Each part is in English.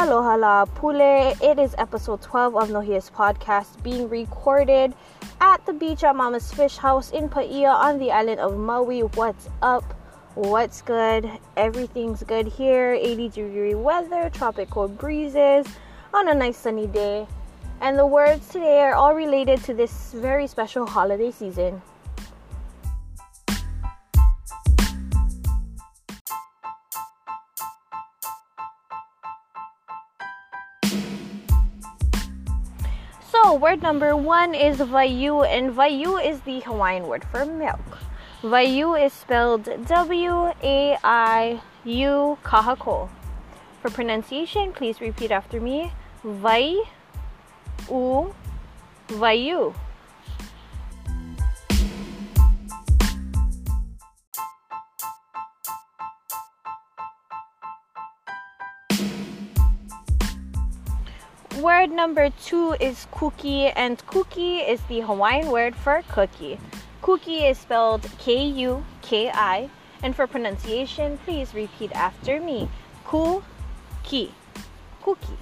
Aloha la pule. It is episode 12 of Nohia's podcast being recorded at the beach at Mama's Fish House in Paia on the island of Maui. What's up? What's good? Everything's good here. 80 degree weather, tropical breezes on a nice sunny day. And the words today are all related to this very special holiday season. Oh, word number one is Vayu, and Vayu is the Hawaiian word for milk. Vayu is spelled W A I U Kahako. For pronunciation, please repeat after me Vai U Vayu. Word number two is cookie, and cookie is the Hawaiian word for cookie. Cookie is spelled K U K I, and for pronunciation, please repeat after me. Cookie. Cookie.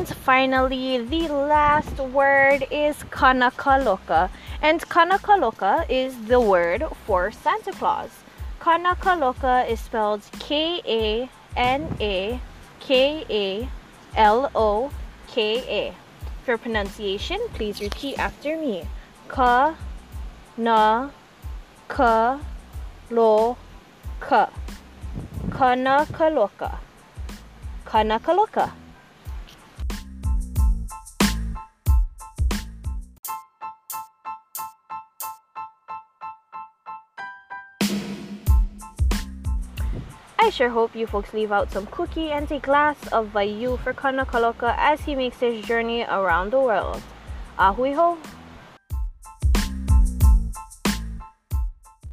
And finally, the last word is Kanakaloka. And Kanakaloka is the word for Santa Claus. Kanakaloka is spelled K A N A K A L O K A. For pronunciation, please repeat after me. Ka na ka lo ka. Kanakaloka. Kanakaloka. I sure hope you folks leave out some cookie and a glass of Vayu for Kanakaloka as he makes his journey around the world. Ahui ho!